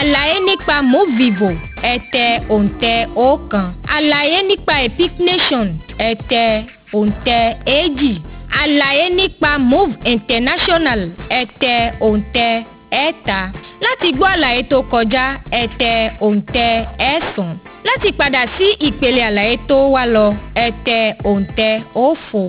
àlàyé nípa movivo ẹ tẹ òǹtẹ̀ ọ̀kan àlàyé nípa epic nation ẹ tẹ òǹtẹ̀ èjì àlàyé nípa move international ẹ tẹ òǹtẹ̀ ẹ̀ta láti gbọ́ àlàyé tó kọjá ẹ tẹ òǹtẹ̀ ẹ̀sán láti padà sí ìpele àlàyé tó wà lọ ẹ òǹtẹ̀ òfo.